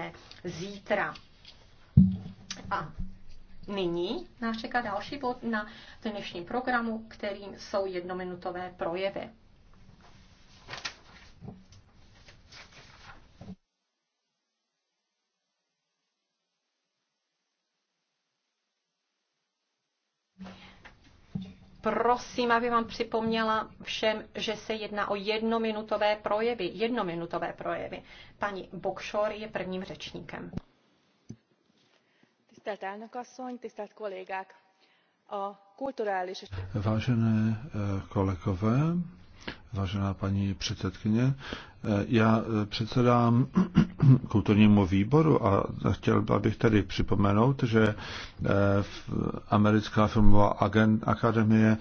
dopoledne zítra. A nyní nás čeká další bod na dnešním programu, kterým jsou jednominutové projevy. Prosím, aby vám připomněla všem, že se jedná o jednominutové projevy. Jednominutové projevy. Paní Bokšor je prvním řečníkem. A Vážené eh, kolegové, Vážená paní předsedkyně, eh, já eh, předsedám kulturnímu výboru a chtěl bych tady připomenout, že eh, Americká filmová akademie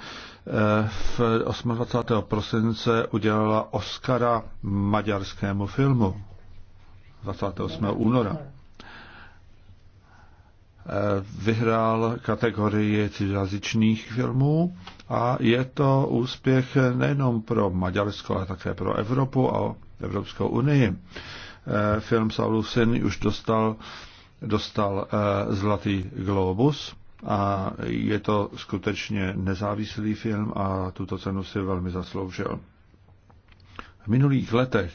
v 28. prosince udělala Oscara maďarskému filmu 28. února. Eh, vyhrál kategorii cizazyčných filmů a je to úspěch nejenom pro Maďarsko, ale také pro Evropu a Evropskou unii. Eh, film Syn už dostal, dostal eh, Zlatý globus a je to skutečně nezávislý film a tuto cenu si velmi zasloužil. V minulých letech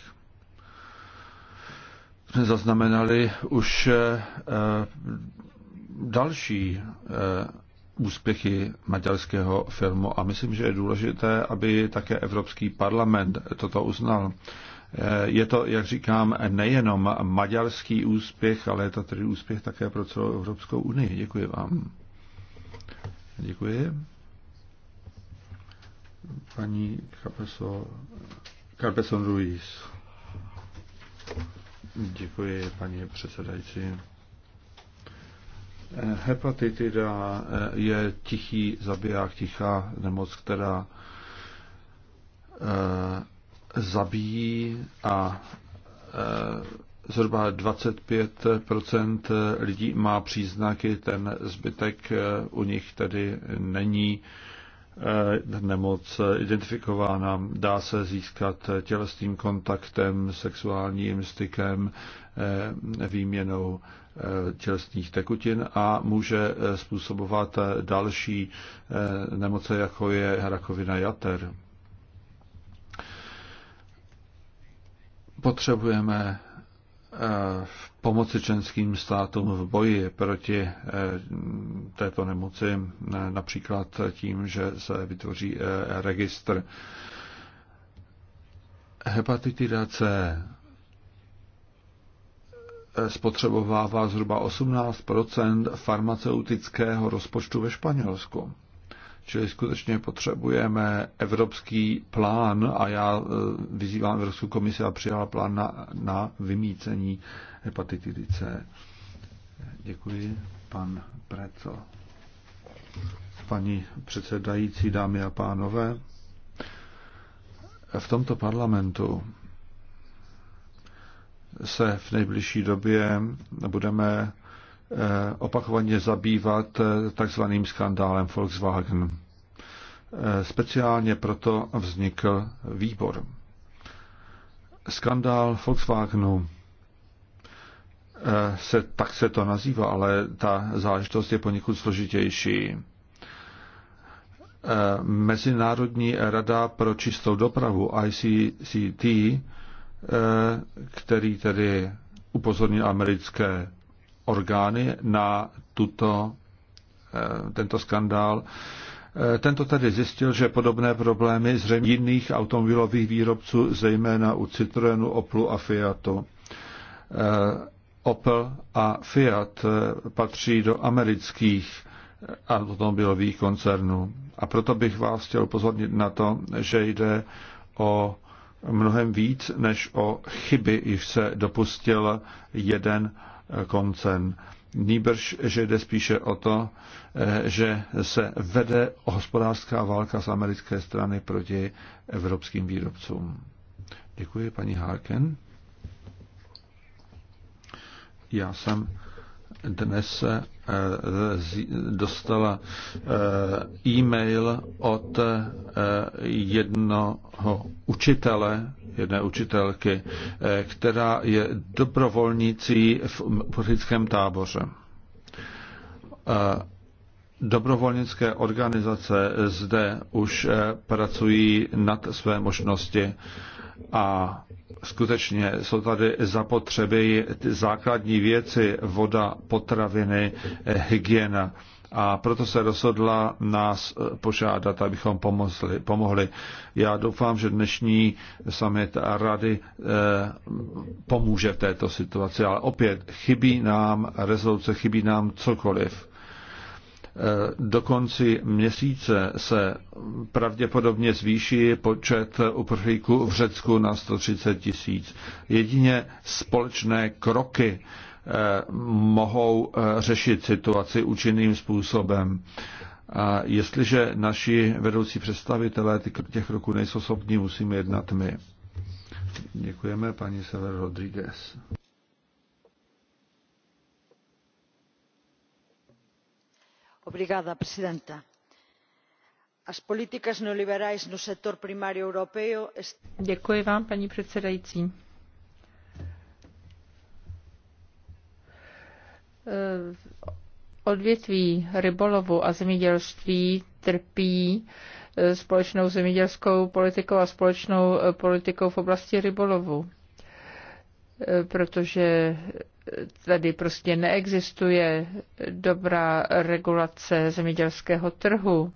jsme zaznamenali už další eh, úspěchy maďarského filmu a myslím, že je důležité, aby také Evropský parlament toto uznal. Eh, je to, jak říkám, nejenom maďarský úspěch, ale je to tedy úspěch také pro celou Evropskou unii. Děkuji vám. Děkuji. Paní Capeso, Carpeson Ruiz. Děkuji, paní předsedající. Hepatitida eh, je tichý zabiják, tichá nemoc, která eh, zabíjí a eh, zhruba 25 lidí má příznaky, ten zbytek u nich tedy není Eh, nemoc identifikována. Dá se získat tělesným kontaktem, sexuálním stykem, eh, výměnou eh, tělesných tekutin a může způsobovat další nemoce, jako je rakovina jater. Potřebujeme Eh, v pomoci členským státům v boji proti eh, této nemoci, eh, například tím, že se vytvoří registr. Hepatitida C spotřebovává zhruba 18 farmaceutického rozpočtu ve Španělsku. Čili skutečně potřebujeme evropský plán a já e, vyzývám Evropskou komisi a přijala plán na, na vymícení hepatitidy C. Děkuji, pan Preco. Paní předsedající, dámy a pánové, v tomto parlamentu se v nejbližší době budeme Eh, opakovaně zabývat eh, takzvaným skandálem Volkswagen. Eh, speciálně proto vznikl výbor. Skandál Volkswagenu se, tak se to nazývá, ale ta záležitost je poněkud složitější. Mezinárodní rada pro čistou dopravu ICCT, který tedy upozornil americké orgány na tuto, eh, tento skandál. Eh, tento tedy zjistil, že podobné problémy zřejmě jiných automobilových výrobců, zejména u Citroenu, Oplu a Fiatu. Eh, Opel a Fiat patří do amerických automobilových koncernů. A proto bych vás chtěl pozornit na to, že jde o mnohem víc než o chyby, již se dopustil jeden koncern. Nýbrž, že jde spíše o to, že se vede hospodářská válka z americké strany proti evropským výrobcům. Děkuji, paní Harken. Já jsem dnes eh, dostala eh, e-mail od eh, jednoho učitele jedné učitelky, eh, která je dobrovolnicí v uprchlickém táboře. Eh, dobrovolnické organizace zde už eh, pracují nad své možnosti a skutečně jsou tady zapotřeby ty základní věci, voda, potraviny, hygiena a proto se rozhodla nás eh, požádat, abychom pomohli. pomohli. Já doufám, že dnešní summit a rady eh, pomůže v této situaci, ale opět chybí nám rezoluce, chybí nám cokoliv. Eh, do konci měsíce se pravděpodobně zvýší počet uprchlíků v Řecku na 130 tisíc. Jedině společné kroky mohou eh, řešit situaci účinným způsobem. A jestliže naši vedoucí představitelé těch roků nejsou schopni, musíme jednat my. Děkujeme, paní Sever Rodriguez. Obrigada, presidenta. As políticas neoliberais no Děkuji vám, paní předsedající odvětví rybolovu a zemědělství trpí eh, společnou zemědělskou politikou a společnou eh, politikou v oblasti rybolovu, eh, protože tady prostě neexistuje dobrá regulace zemědělského trhu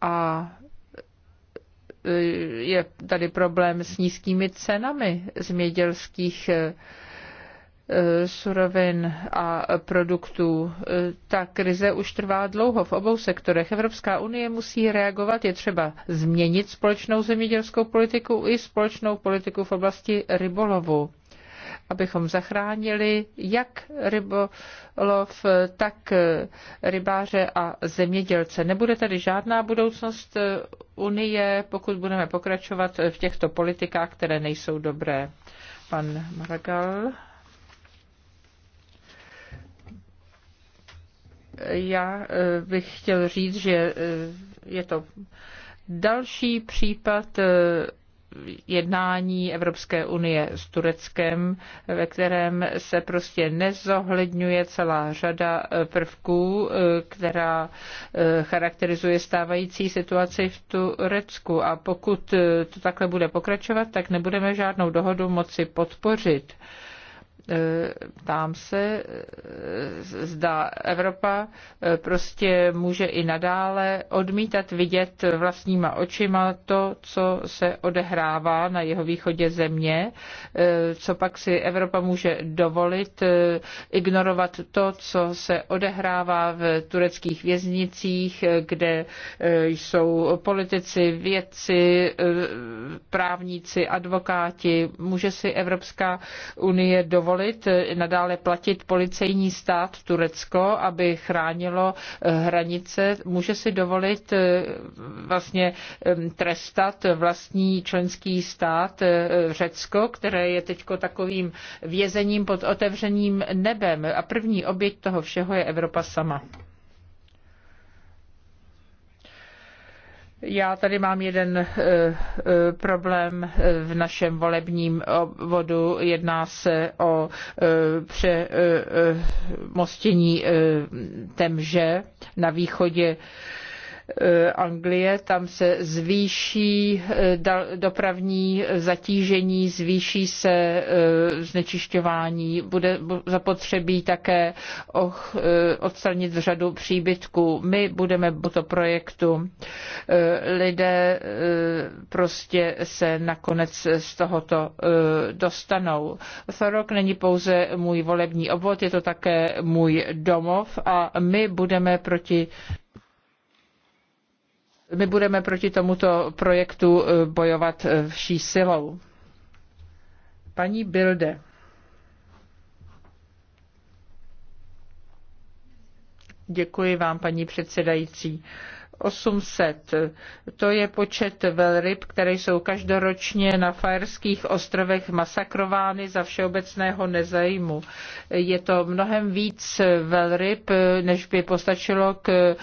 a je tady problém s nízkými cenami zemědělských surovin a produktů. Ta krize už trvá dlouho v obou sektorech. Evropská unie musí reagovat, je třeba změnit společnou zemědělskou politiku i společnou politiku v oblasti rybolovu abychom zachránili jak rybolov, tak rybáře a zemědělce. Nebude tady žádná budoucnost Unie, pokud budeme pokračovat v těchto politikách, které nejsou dobré. Pan Maragall. já eh, bych chtěl říct, že eh, je to další případ eh, jednání Evropské unie s Tureckem, ve kterém se prostě nezohledňuje celá řada prvků, která charakterizuje stávající situaci v Turecku. A pokud to takhle bude pokračovat, tak nebudeme žádnou dohodu moci podpořit. E, ptám se, e, zda Evropa e, prostě může i nadále odmítat vidět vlastníma očima to, co se odehrává na jeho východě země, co pak si Evropa může dovolit ignorovat to, co se odehrává v tureckých věznicích, kde jsou politici, vědci, právníci, advokáti. Může si Evropská unie dovolit dovolit nadále platit policejní stát Turecko, aby chránilo eh, hranice, může si dovolit eh, vlastně trestat vlastní členský stát eh, Řecko, které je teď takovým vězením pod otevřeným nebem. A první oběť toho všeho je Evropa sama. Já tady mám jeden eh, eh, problém eh, v našem volebním obvodu. Jedná se o přemostění temže na východě Eh, Anglie, tam se zvýší eh, dopravní zatížení, zvýší se eh, znečišťování, bude zapotřebí také odstranit řadu příbytků. My budeme to projektu. Lidé prostě se nakonec z tohoto dostanou. Thorok není pouze můj volební obvod, je to také můj domov a my budeme proti my budeme proti tomuto projektu eh, bojovat eh, vší silou. Paní Bilde. Děkuji vám, paní předsedající. 800. To je počet velryb, které jsou každoročně na Fajerských ostrovech masakrovány za všeobecného nezajmu. Je to mnohem víc velryb, než by postačilo k eh,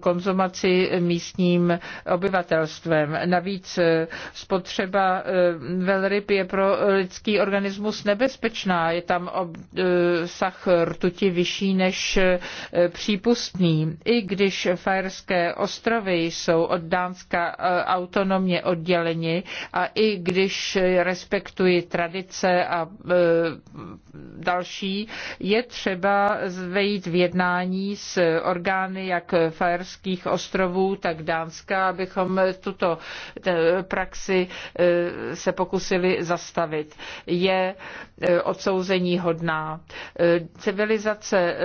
konzumaci místním obyvatelstvem. Navíc eh, spotřeba eh, velryb je pro lidský organismus nebezpečná. Je tam obsah rtuti vyšší než přípustný. I když Fajerské ostrovy ostrovy jsou od Dánska eh, autonomně odděleni a i když respektují tradice a eh, další, je třeba vejít v jednání s orgány jak Fajerských ostrovů, tak Dánska, abychom tuto praxi eh, se pokusili zastavit. Je odsouzení hodná. Civilizace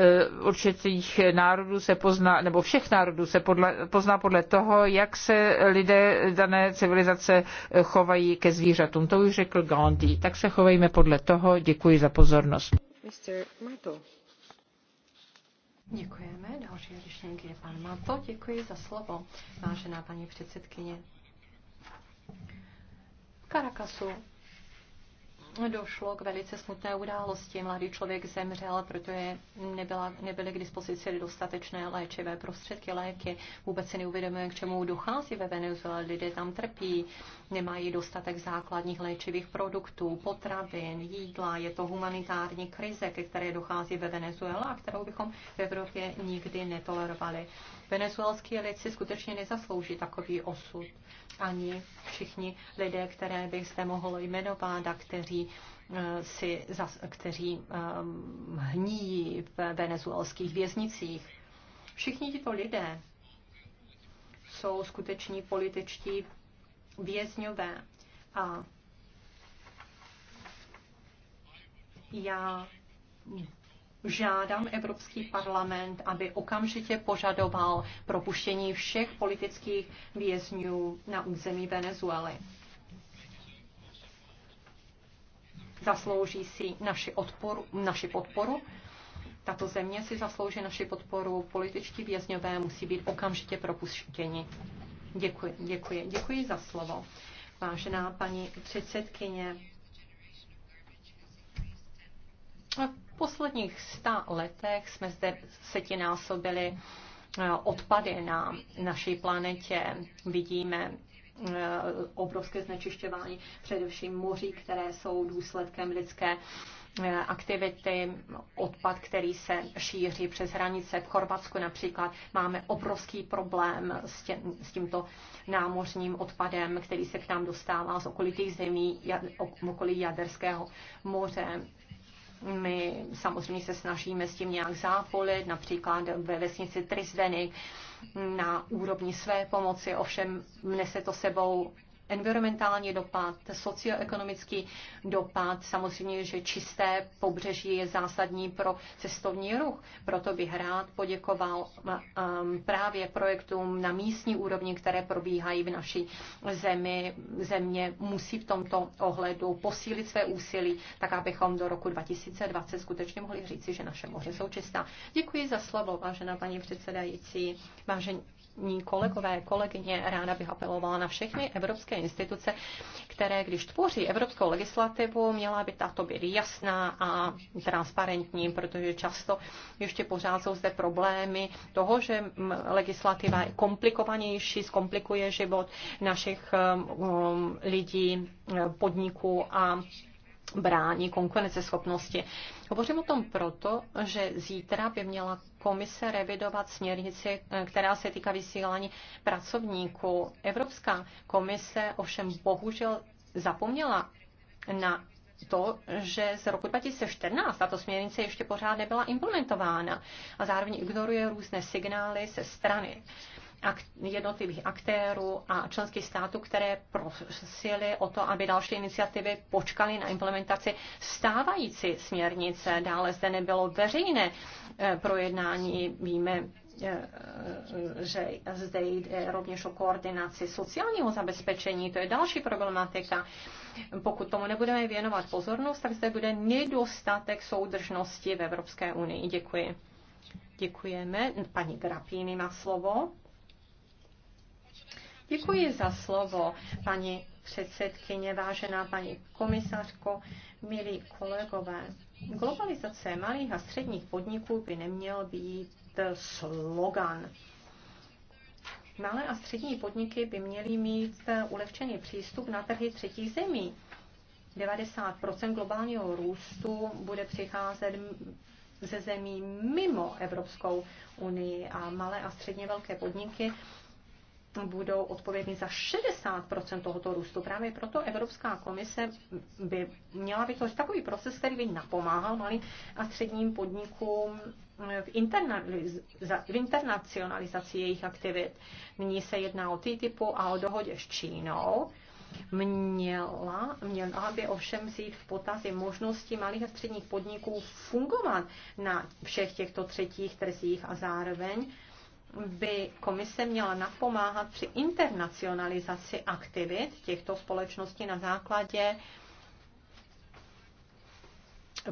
určitých národů se pozná, nebo všech národů se podle pozná podle toho, jak se lidé dané civilizace chovají ke zvířatům. To už řekl Gandhi. Tak se chovejme podle toho. Děkuji za pozornost. Děkujeme. Další řečník je pan Mato. Děkuji za slovo, vážená paní předsedkyně. Karakasu došlo k velice smutné události. Mladý člověk zemřel, protože nebyla, nebyly k dispozici dostatečné léčivé prostředky, léky. Vůbec si neuvědomujeme, k čemu dochází ve Venezuele. Lidé tam trpí, nemají dostatek základních léčivých produktů, potravin, jídla. Je to humanitární krize, ke které dochází ve Venezuela, a kterou bychom v Evropě nikdy netolerovali venezuelský lid si skutečně nezaslouží takový osud. Ani všichni lidé, které bych zde mohl jmenovat a kteří eh, si, kteří ehm, hníjí v venezuelských věznicích. Všichni tito lidé jsou skuteční političtí vězňové a já žádám Evropský parlament, aby okamžitě požadoval propuštění všech politických vězňů na území Venezuely. Zaslouží si naši, odporu, naši podporu. Tato země si zaslouží naši podporu. Političtí vězňové musí být okamžitě propuštěni. Děkuji, děkuji, děkuji za slovo. Vážená paní předsedkyně, posledních sta letech jsme zde setinásobili eh, odpady na naší planetě. Vidíme eh, obrovské znečišťování, především moří, které jsou důsledkem lidské eh, aktivity, odpad, který se šíří přes hranice. V Chorvatsku například máme obrovský problém s, tě, s tímto námořním odpadem, který se k nám dostává z okolitých zemí, jad, okolí Jaderského moře. My samozřejmě se snažíme s tím nějak zápolit, například ve vesnici Trisdeny na úrovni své pomoci, ovšem mne se to sebou environmentální dopad, socioekonomický dopad. Samozřejmě, že čisté pobřeží je zásadní pro cestovní ruch. Proto bych rád poděkoval eh, eh, právě projektům na místní úrovni, které probíhají v naší zemi. Země musí v tomto ohledu posílit své úsilí, tak abychom do roku 2020 skutečně mohli říci, že naše moře jsou čistá. Děkuji za slovo, vážená paní předsedající, vážení kolegové, kolegyně. Ráda bych apelovala na všechny evropské evropské instituce, které, když tvoří evropskou legislativu, měla by tato být jasná a transparentní, protože často ještě pořád jsou zde problémy toho, že mm, legislativa je komplikovanější, zkomplikuje život našich mm, mm, lidí, podniků a brání konkurenceschopnosti. Hovořím o tom proto, že zítra by měla komise revidovat směrnici, eh, která se týká vysílání pracovníků. Evropská komise ovšem bohužel zapomněla na to, že z roku 2014 tato směrnice ještě pořád nebyla implementována a zároveň ignoruje různé signály ze strany jednotlivých aktérů a členských států, které prosili o to, aby další iniciativy počkaly na implementaci stávající směrnice. Dále zde nebylo veřejné eh, projednání, víme, eh, eh, že zde jde rovněž o koordinaci sociálního zabezpečení, to je další problematika. Pokud tomu nebudeme věnovat pozornost, tak zde bude nedostatek soudržnosti v Evropské unii. Děkuji. Děkujeme. Paní Grapíny má slovo. Děkuji za slovo, paní předsedkyně, vážená paní komisařko, milí kolegové. Globalizace malých a středních podniků by neměl být slogan. Malé a střední podniky by měly mít ulehčený přístup na trhy třetích zemí. 90 globálního růstu bude přicházet ze zemí mimo Evropskou unii a malé a středně velké podniky budou odpovědní za 60% tohoto růstu. Právě proto Evropská komise by měla vytvořit takový proces, který by napomáhal malým a středním podnikům v, v internacionalizaci jejich aktivit. Nyní se jedná o TTIPu a o dohodě s Čínou. Měla, měla by ovšem vzít v potaz i možnosti malých a středních podniků fungovat na všech těchto třetích trzích a zároveň by komise měla napomáhat při internacionalizaci aktivit těchto společností na základě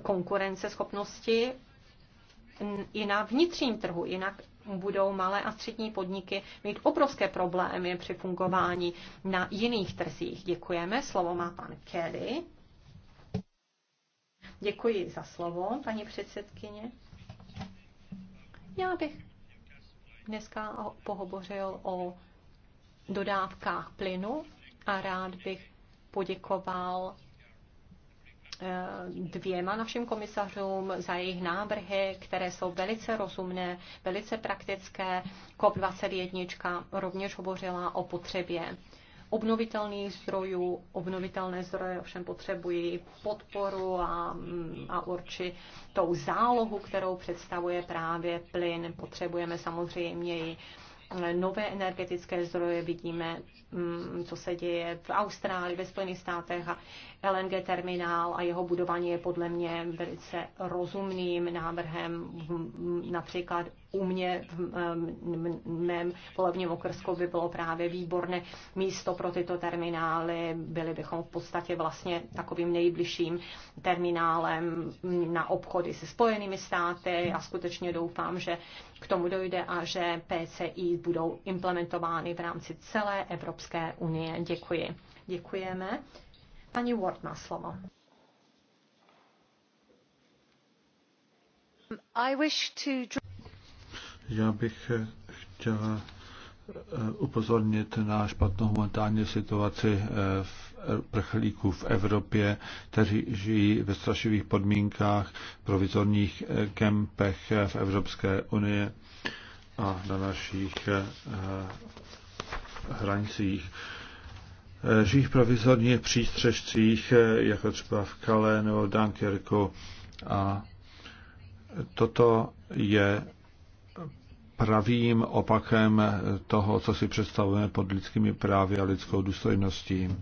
konkurenceschopnosti i na vnitřním trhu, jinak budou malé a střední podniky mít obrovské problémy při fungování na jiných trzích. Děkujeme. Slovo má pan Kelly. Děkuji za slovo, paní předsedkyně. Já bych dneska pohovořil o dodávkách plynu a rád bych poděkoval eh, dvěma našim komisařům za jejich návrhy, které jsou velice rozumné, velice praktické. COP21 rovněž hovořila o potřebě obnovitelných zdrojů. Obnovitelné zdroje ovšem potřebují podporu a, a určitou zálohu, kterou představuje právě plyn. Potřebujeme samozřejmě i nové energetické zdroje, vidíme, mm, co se děje v Austrálii, ve Spojených státech a LNG terminál a jeho budování je podle mě velice rozumným návrhem. Například u mě v mém polovním okrsku by bylo právě výborné místo pro tyto terminály. Byli bychom v podstatě vlastně takovým nejbližším terminálem na obchody se Spojenými státy a skutečně doufám, že k tomu dojde a že PCI budou implementovány v rámci celé Evropské unie. Děkuji. Děkujeme. Pani Ward má slovo. I wish to... Já bych chtěla eh, upozornit na špatnou humanitární situaci eh, v prchlíků v Evropě, kteří žijí ve strašivých podmínkách, provizorních eh, kempech v Evropské unii a na našich hranicích v eh, provizorních přístřežcích, eh, jako třeba v Kale nebo Dunkerku. A toto je pravým opakem toho, co si představujeme pod lidskými právy a lidskou důstojností.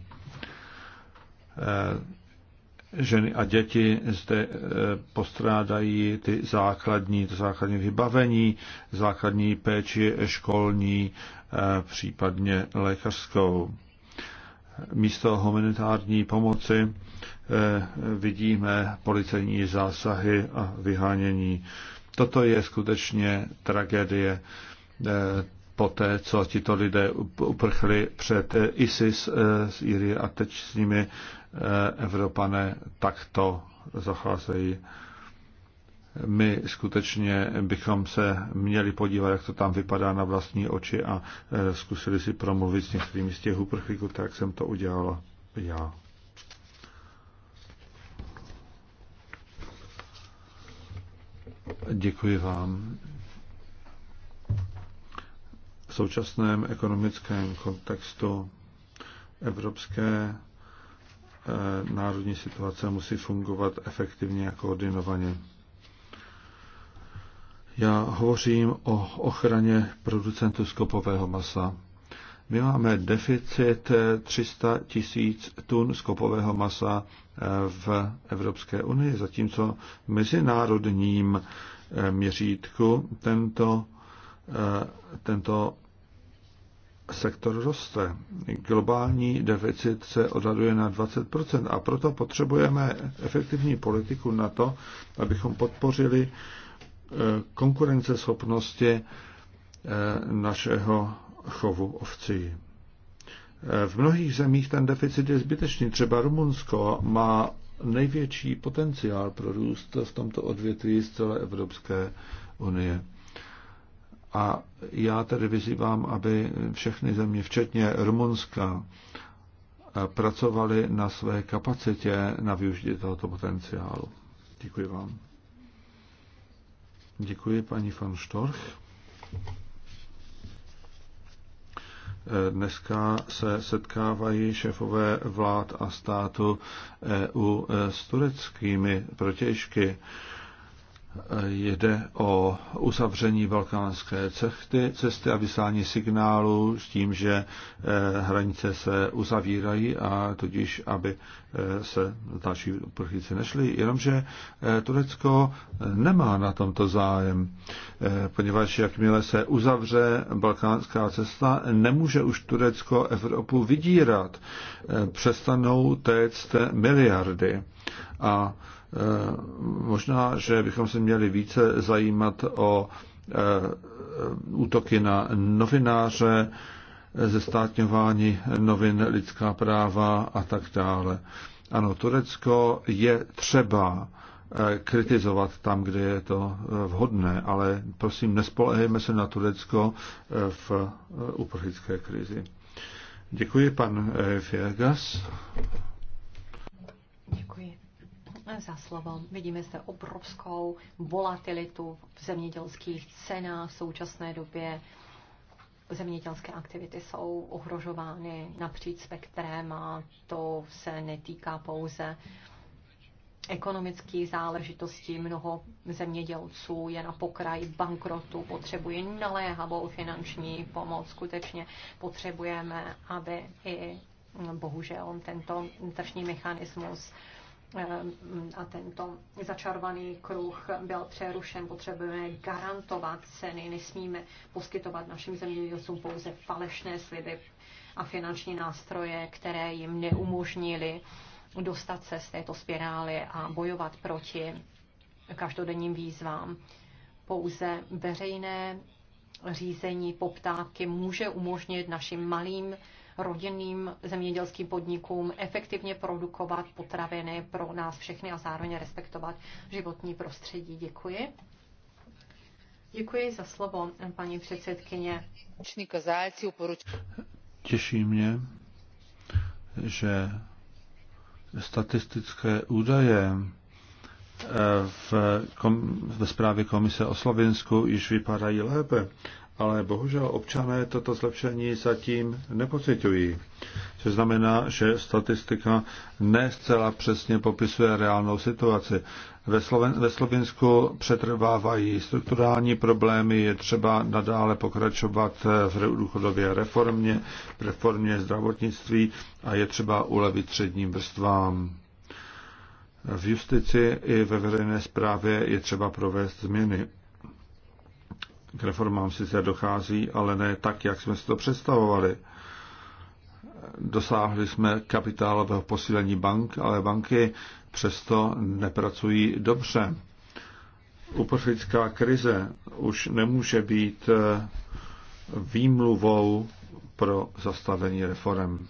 Eh, ženy a děti zde postrádají ty základní, to základní vybavení, základní péči školní, případně lékařskou místo humanitární pomoci eh, vidíme policejní zásahy a vyhánění. Toto je skutečně tragédie eh, poté, co tito lidé uprchli před eh, ISIS z Irie a teď s nimi Evropané takto zacházejí my skutečně bychom se měli podívat, jak to tam vypadá na vlastní oči a e, zkusili si promluvit s některými z těch uprchlíků, tak jsem to udělal já. Děkuji vám. V současném ekonomickém kontextu evropské e, národní situace musí fungovat efektivně a koordinovaně. Já hovořím o ochraně producentů skopového masa. My máme deficit 300 tisíc tun skopového masa eh, v Evropské unii, zatímco v mezinárodním eh, měřítku tento, eh, tento sektor roste. Globální deficit se odhaduje na 20% a proto potřebujeme efektivní politiku na to, abychom podpořili konkurenceschopnosti eh, našeho chovu ovcí. Eh, v mnohých zemích ten deficit je zbytečný. Třeba Rumunsko má největší potenciál pro růst v tomto odvětví z celé Evropské unie. A já tedy vyzývám, aby všechny země, včetně Rumunska, eh, pracovali na své kapacitě na využití tohoto potenciálu. Děkuji vám. Děkuji paní van Storch. Eh, dneska se setkávají šefové vlád a státu EU eh, s tureckými protěžky jde o uzavření balkánské cesty, cesty a vyslání signálu s tím, že eh, hranice se uzavírají a tudíž, aby eh, se další uprchlíci nešli. Jenomže eh, Turecko nemá na tomto zájem, poněvadž jakmile se uzavře balkánská cesta, nemůže už Turecko Evropu vydírat. Přestanou téct miliardy. A Eh, možná, že bychom se měli více zajímat o eh, útoky na novináře, eh, zestátňování novin, lidská práva a tak dále. Ano, Turecko je třeba kritizovat tam, kde je to vhodné, ale prosím, nespolehejme se na Turecko v uprchlické krizi. Děkuji, pan Fiergas. Děkuji za slovo. Vidíme zde obrovskou volatilitu v zemědělských cenách v současné době. Zemědělské aktivity jsou ohrožovány napříč spektrem a to se netýká pouze ekonomických záležitostí. Mnoho zemědělců je na pokraji bankrotu, potřebuje naléhavou finanční pomoc. Skutečně potřebujeme, aby i bohužel tento tržní mechanismus Ehm, a tento začarovaný kruh byl přerušen. Potřebujeme garantovat ceny, nesmíme poskytovat našim zemědělcům pouze falešné sliby a finanční nástroje, které jim neumožnili dostat se z této spirály a bojovat proti každodenním výzvám. Pouze veřejné řízení poptávky může umožnit našim malým rodinným zemědělským podnikům efektivně produkovat potraviny pro nás všechny a zároveň respektovat životní prostředí. Děkuji. Děkuji za slovo, paní předsedkyně. Těší mě, že statistické údaje eh, v kom, ve zprávě komise o Slovinsku již vypadají lépe, ale bohužel občané toto zlepšení zatím nepocitují. To znamená, že statistika ne zcela přesně popisuje reálnou situaci. Ve, Sloven, ve Slovensku přetrvávají strukturální problémy, je třeba nadále pokračovat v důchodové reformě, v reformě zdravotnictví a je třeba ulevit středním vrstvám. V justici i ve veřejné správě je třeba provést změny. K reformám sice dochází, ale ne tak, jak jsme si to představovali. Dosáhli jsme kapitálového posílení bank, ale banky přesto nepracují dobře. Uprchlická krize už nemůže být eh, výmluvou pro zastavení reform.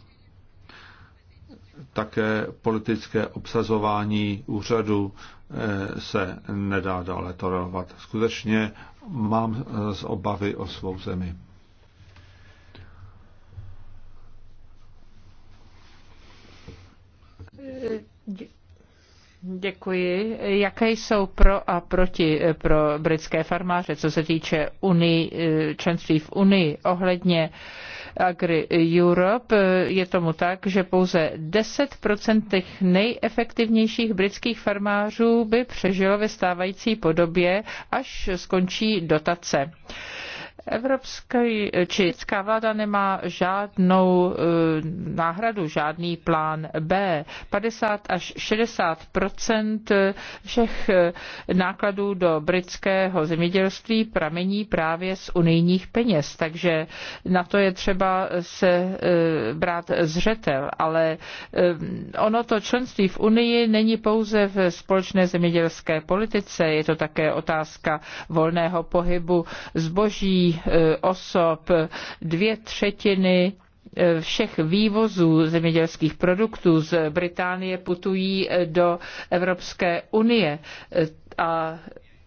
Také politické obsazování úřadu eh, se nedá dále tolerovat. Skutečně mám eh, z obavy o svou zemi. Děkuji. Jaké jsou pro a proti eh, pro britské farmáře, co se týče unii, eh, členství v Unii ohledně uh, Agri Europe je tomu tak, že pouze 10% těch nejefektivnějších britských farmářů by přežilo ve stávající podobě, až skončí dotace. Evropská či česká vláda nemá žádnou e, náhradu, žádný plán B. 50 až 60 všech e, nákladů do britského zemědělství pramení právě z unijních peněz, takže na to je třeba se e, brát zřetel, ale ono to členství v Unii není pouze v společné zemědělské politice, je to také otázka volného pohybu zboží, Eh, osob, dvě třetiny eh, všech vývozů zemědělských produktů z Británie putují eh, do Evropské unie a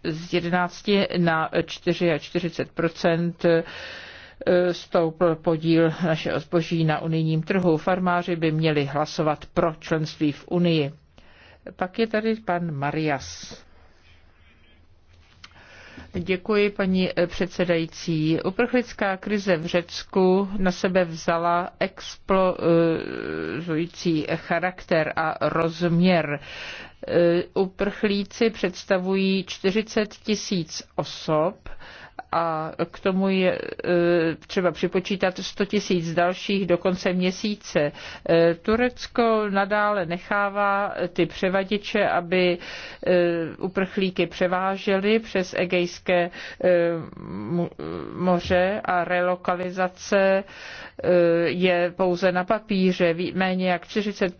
z 11 na 44 stoupl podíl našeho zboží na unijním trhu. Farmáři by měli hlasovat pro členství v Unii. Pak je tady pan Marias. Děkuji, paní eh, předsedající. Uprchlická krize v Řecku na sebe vzala explozující charakter a rozměr. Eh, uprchlíci představují 40 tisíc osob a k tomu je e, třeba připočítat 100 tisíc dalších do konce měsíce. E, Turecko nadále nechává ty převaděče, aby e, uprchlíky převáželi přes Egejské moře a relokalizace je pouze na papíře. Méně jak 40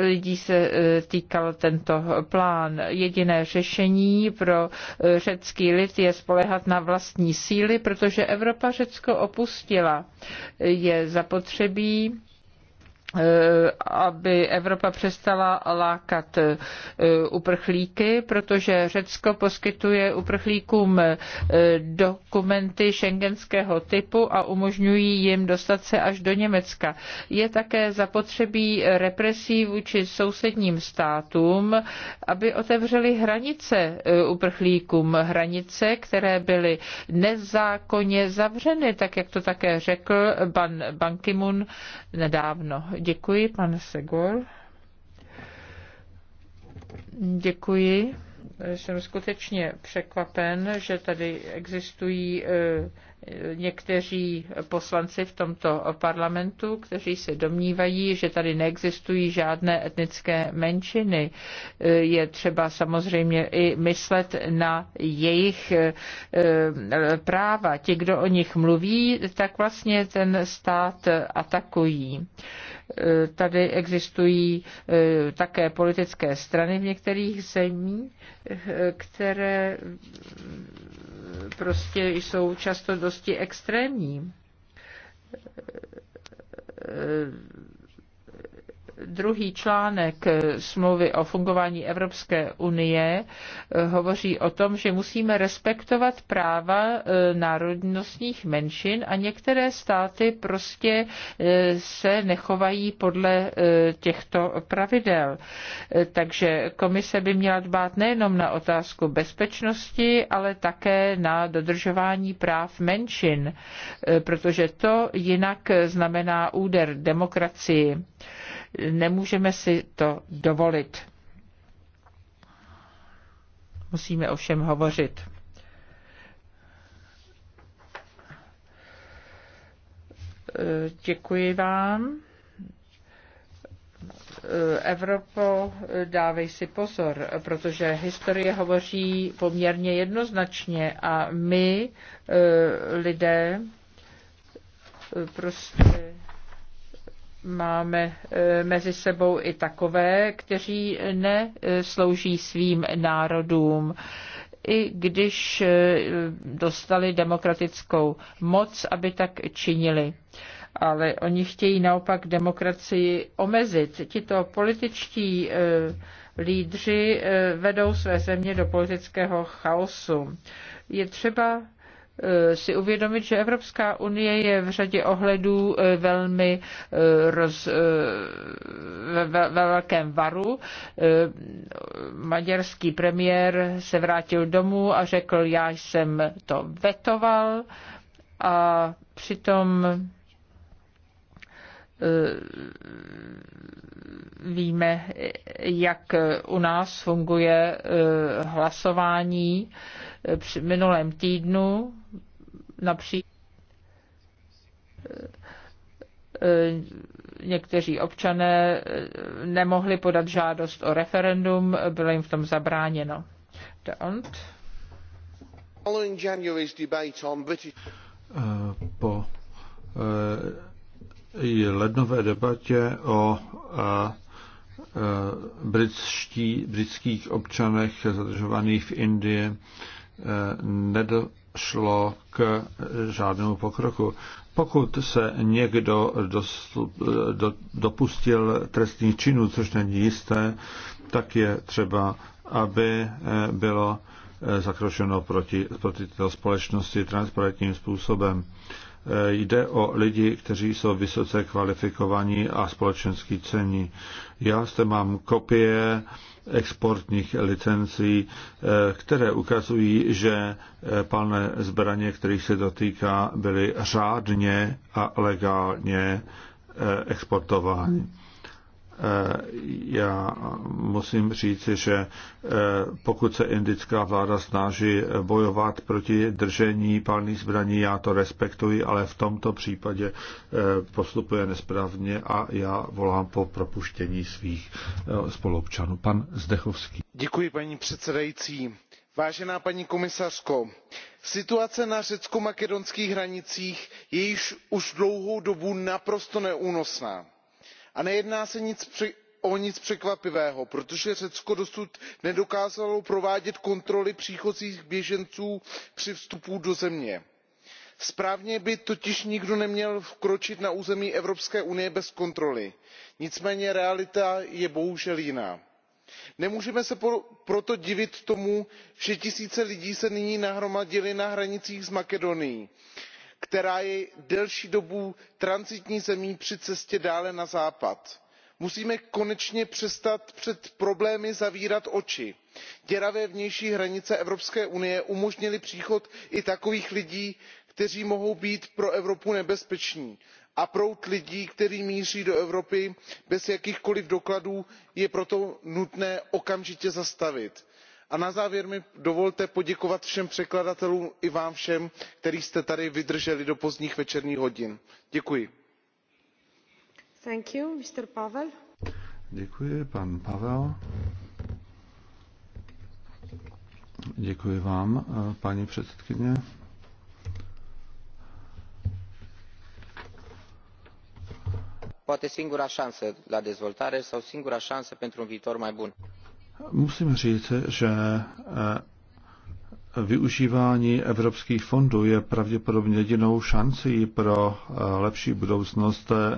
lidí se týkal tento plán. Jediné řešení pro řecký lid je spolehat na vlastní vlastní síly, protože Evropa Řecko opustila. Je zapotřebí Eh, aby Evropa přestala lákat eh, uprchlíky, protože Řecko poskytuje uprchlíkům eh, dokumenty šengenského typu a umožňují jim dostat se až do Německa. Je také zapotřebí represí vůči sousedním státům, aby otevřeli hranice uprchlíkům, hranice, které byly nezákonně zavřeny, tak jak to také řekl pan Ban Ki-moon nedávno. Děkuji, pane Segor. Děkuji. Jsem skutečně překvapen, že tady existují eh, někteří poslanci v tomto parlamentu, kteří se domnívají, že tady neexistují žádné etnické menšiny. Eh, je třeba samozřejmě i myslet na jejich eh, práva. Ti, kdo o nich mluví, tak vlastně ten stát atakují. Tady existují eh, také politické strany v některých zemích, eh, které prostě jsou často dosti extrémní eh, Druhý článek smlouvy o fungování Evropské unie eh, hovoří o tom, že musíme respektovat práva eh, národnostních menšin a některé státy prostě eh, se nechovají podle těchto pravidel. Takže komise by měla dbát nejenom na otázku bezpečnosti, ale také na dodržování práv menšin, protože to jinak znamená úder demokracii. Nemůžeme si to dovolit. Musíme ovšem hovořit. Děkuji vám. Evropo, dávej si pozor, protože historie hovoří poměrně jednoznačně a my eh, lidé eh, prostě máme eh, mezi sebou i takové, kteří neslouží svým národům. I když eh, dostali demokratickou moc, aby tak činili. Ale oni chtějí naopak demokracii omezit. Tito političtí eh, lídři vedou své země do politického chaosu. Je třeba Eh, si uvědomit, že Evropská unie je v řadě ohledů eh, velmi eh, roz, ve velkém varu. Maďarský premiér se vrátil domů a řekl, já jsem to vetoval a přitom Eh, víme, jak u nás funguje eh, hlasování eh, při minulém týdnu například někteří občané nemohli podat žádost o referendum, bylo jim v tom zabráněno. Po lednové debatě o britští, britských občanech zadržovaných v Indii e, nedošlo k žádnému pokroku. Pokud se někdo dostup, do, dopustil trestných činů, což není jisté, tak je třeba, aby e, bylo e, zakročeno proti, proti této společnosti transparentním způsobem. Eh, jde o lidi, kteří jsou vysoce kvalifikovaní a společensky cení. Já zde mám kopie exportních licencí, eh, které ukazují, že eh, palné zbraně, kterých se dotýká, byly řádně a legálně exportovány. Eh, já musím říci, že eh, pokud se indická vláda snaží eh, bojovat proti držení palných zbraní, já to respektuji, ale v tomto případě postupuje nesprávně a já volám po propuštění svých spolupčanů. Pan Zdechovský. Děkuji, paní předsedající. Vážená paní komisařko, situace na řecko makedonských hranicích je již už dlouhou dobu naprosto neúnosná a nejedná se o nic překvapivého protože řecko dosud nedokázalo provádět kontroly příchozích běženců při vstupu do země. správně by totiž nikdo neměl vkročit na území evropské unie bez kontroly nicméně realita je bohužel jiná. nemůžeme se proto divit tomu že tisíce lidí se nyní nahromadily na hranicích s makedonií která je delší dobu tranzitní zemí při cestě dále na západ. musíme konečně přestat před problémy zavírat oči. děravé vnější hranice evropské unie umožnily příchod i takových lidí kteří mohou být pro evropu nebezpeční a proud lidí který míří do evropy bez jakýchkoliv dokladů je proto nutné okamžitě zastavit a na závěr mi dovolte poděkovat všem překladatelům i vám všem kteří jste tady vydrželi do pozdních večerních hodin. děkuji. Děkuji, pan Pavel. Děkuji vám, paní předsedkyně. Poate singura șansă la dezvoltare sau singura șansă pentru un viitor mai bun. Musím říct, že eh, využívání evropských fondů je pravděpodobně jedinou šancí pro eh, lepší budoucnost eh,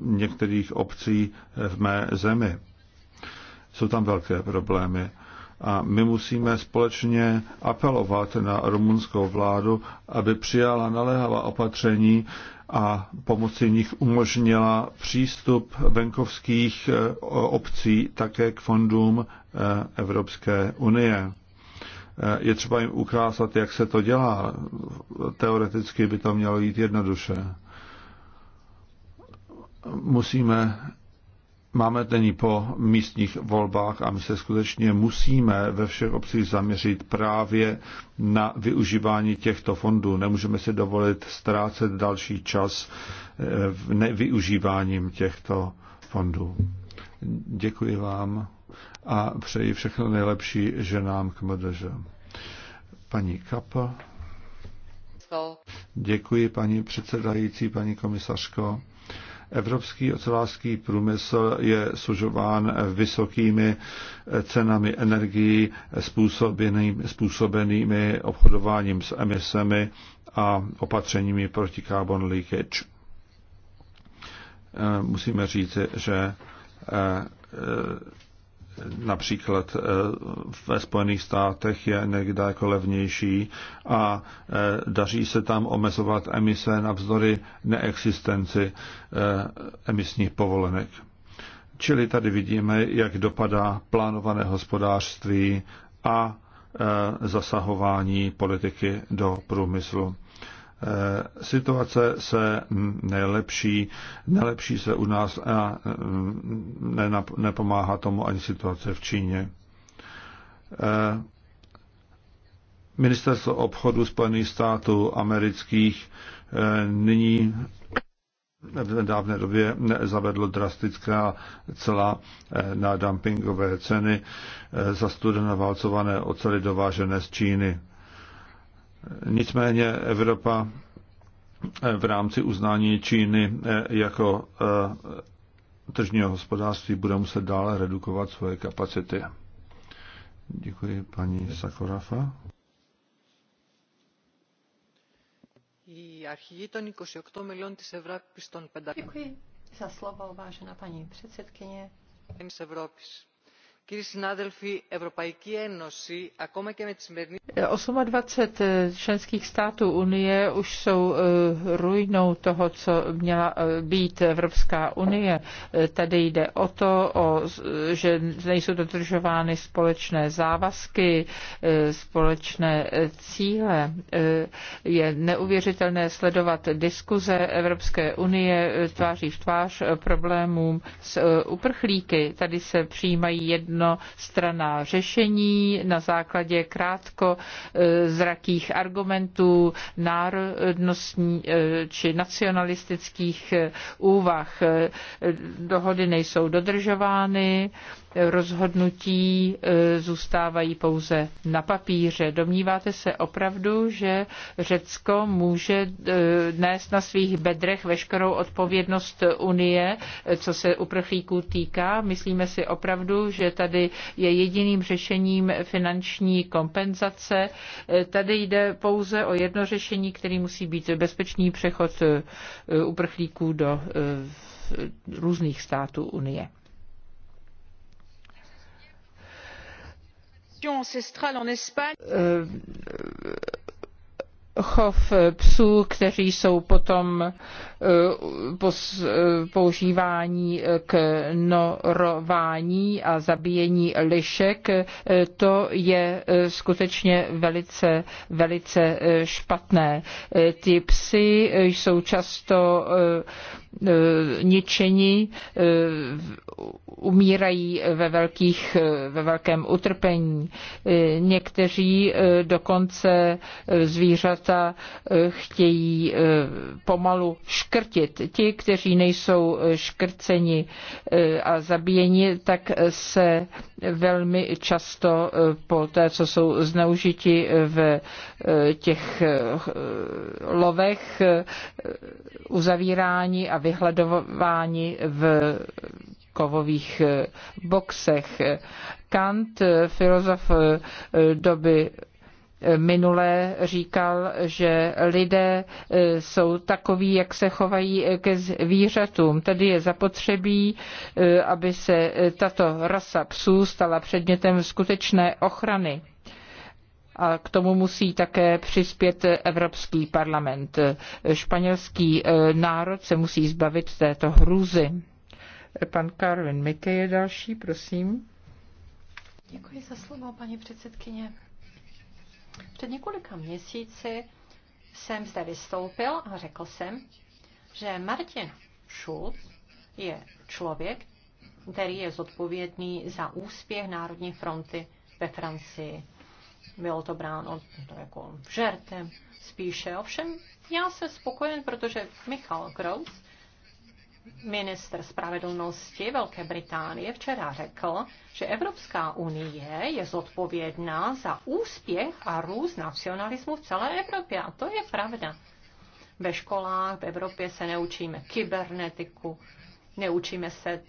některých obcí v mé zemi. Jsou tam velké problémy. A my musíme společně apelovat na rumunskou vládu, aby přijala naléhavá opatření a pomocí nich umožnila přístup venkovských eh, obcí také k fondům eh, Evropské unie. Eh, je třeba jim ukázat, jak se to dělá. Teoreticky by to mělo jít jednoduše. Musíme Máme tedy po místních volbách a my se skutečně musíme ve všech obcích zaměřit právě na využívání těchto fondů. Nemůžeme si dovolit ztrácet další čas v eh, nevyužíváním těchto fondů. Děkuji vám a přeji všechno nejlepší ženám k mladeže. Paní Kapa. Děkuji, paní předsedající, paní komisařko. Evropský ocelářský průmysl je sužován vysokými cenami energií způsobenými obchodováním s emisemi a opatřeními proti carbon leakage. Eh, musíme říct, že eh, například eh, ve Spojených státech je někde jako levnější a eh, daří se tam omezovat emise navzdory neexistenci eh, emisních povolenek. Čili tady vidíme, jak dopadá plánované hospodářství a zasahování politiky do průmyslu. Eh, situace se nelepší, nelepší se u nás a mm, nepomáhá tomu ani situace v Číně. Eh, Ministerstvo obchodu Spojených států amerických eh, nyní v nedávné době zavedlo drastická cela na dumpingové ceny za studené válcované ocely dovážené z Číny. Nicméně Evropa eh, v rámci uznání Číny eh, jako eh, tržního hospodářství bude muset dále redukovat svoje kapacity. Děkuji paní Sakorafa. Děkuji za slovo, vážená paní předsedkyně. Evropy osmadvacet eh, členských států unie už jsou eh, ruinou toho co měla eh, být evropská unie. tady jde o to o, že nejsou dodržovány společné závazky společné cíle. je neuvěřitelné sledovat diskuze evropské unie tváří v tvář problémům s uprchlíky. tady se přijímají jedno jednostraná řešení na základě krátko e, zrakých argumentů národnostní e, či nacionalistických e, úvah. Dohody nejsou dodržovány, rozhodnutí zůstávají pouze na papíře. Domníváte se opravdu, že Řecko může nést na svých bedrech veškerou odpovědnost Unie, co se uprchlíků týká? Myslíme si opravdu, že ta tady je jediným řešením finanční kompenzace. Tady jde pouze o jedno řešení, který musí být bezpečný přechod eh, uprchlíků do eh, různých států Unie. Ancestral en Espagne eh, chov psů, kteří jsou potom eh, eh, používání k norování a zabíjení lišek, eh, to je skutečně velice, velice špatné. Ty psy jsou často ničeni, umírají ve, velkých, ve velkém utrpení. Někteří dokonce zvířat témata eh, chtějí eh, pomalu škrtit. Ti, kteří nejsou eh, škrceni a zabíjeni, tak se velmi často po té, co jsou zneužiti v těch lovech, uzavírání a vyhledování v kovových boxech. Kant, filozof doby minule říkal, že lidé e, jsou takoví, jak se chovají ke zvířatům. Tedy je zapotřebí, e, aby se e, tato rasa psů stala předmětem skutečné ochrany a k tomu musí také přispět Evropský parlament. Španělský národ se musí zbavit této hrůzy. Pan Karvin Mike je další, prosím. Děkuji za slovo, paní předsedkyně. Před několika měsíci jsem zde vystoupil a řekl jsem, že Martin Schulz je člověk, který je zodpovědný za úspěch Národní fronty ve Francii. Bylo to bráno jako žertem spíše. Ovšem já jsem spokojen, protože Michal Kraus minister spravedlnosti Velké Británie včera řekl, že Evropská unie je zodpovědná za úspěch a růst nacionalismu v celé Evropě. A to je pravda. Ve školách v Evropě se neučíme kybernetiku, neučíme se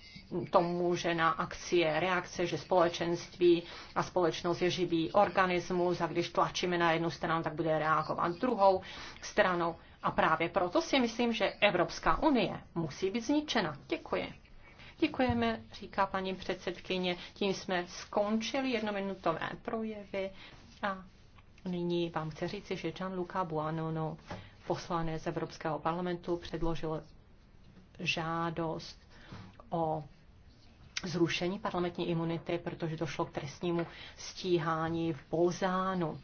tomu, že na akcie, reakce, že společenství a společnost je živý organismus a když tlačíme na jednu stranu, tak bude reagovat druhou stranou. A právě proto si myslím, že Evropská unie musí být zničena. Děkuji. Děkujeme, říká paní předsedkyně. Tím jsme skončili jednominutové projevy a nyní vám chci říci, že Gianluca Buonono, poslanec Evropského parlamentu, předložil žádost o zrušení parlamentní imunity, protože došlo k trestnímu stíhání v Bolzánu.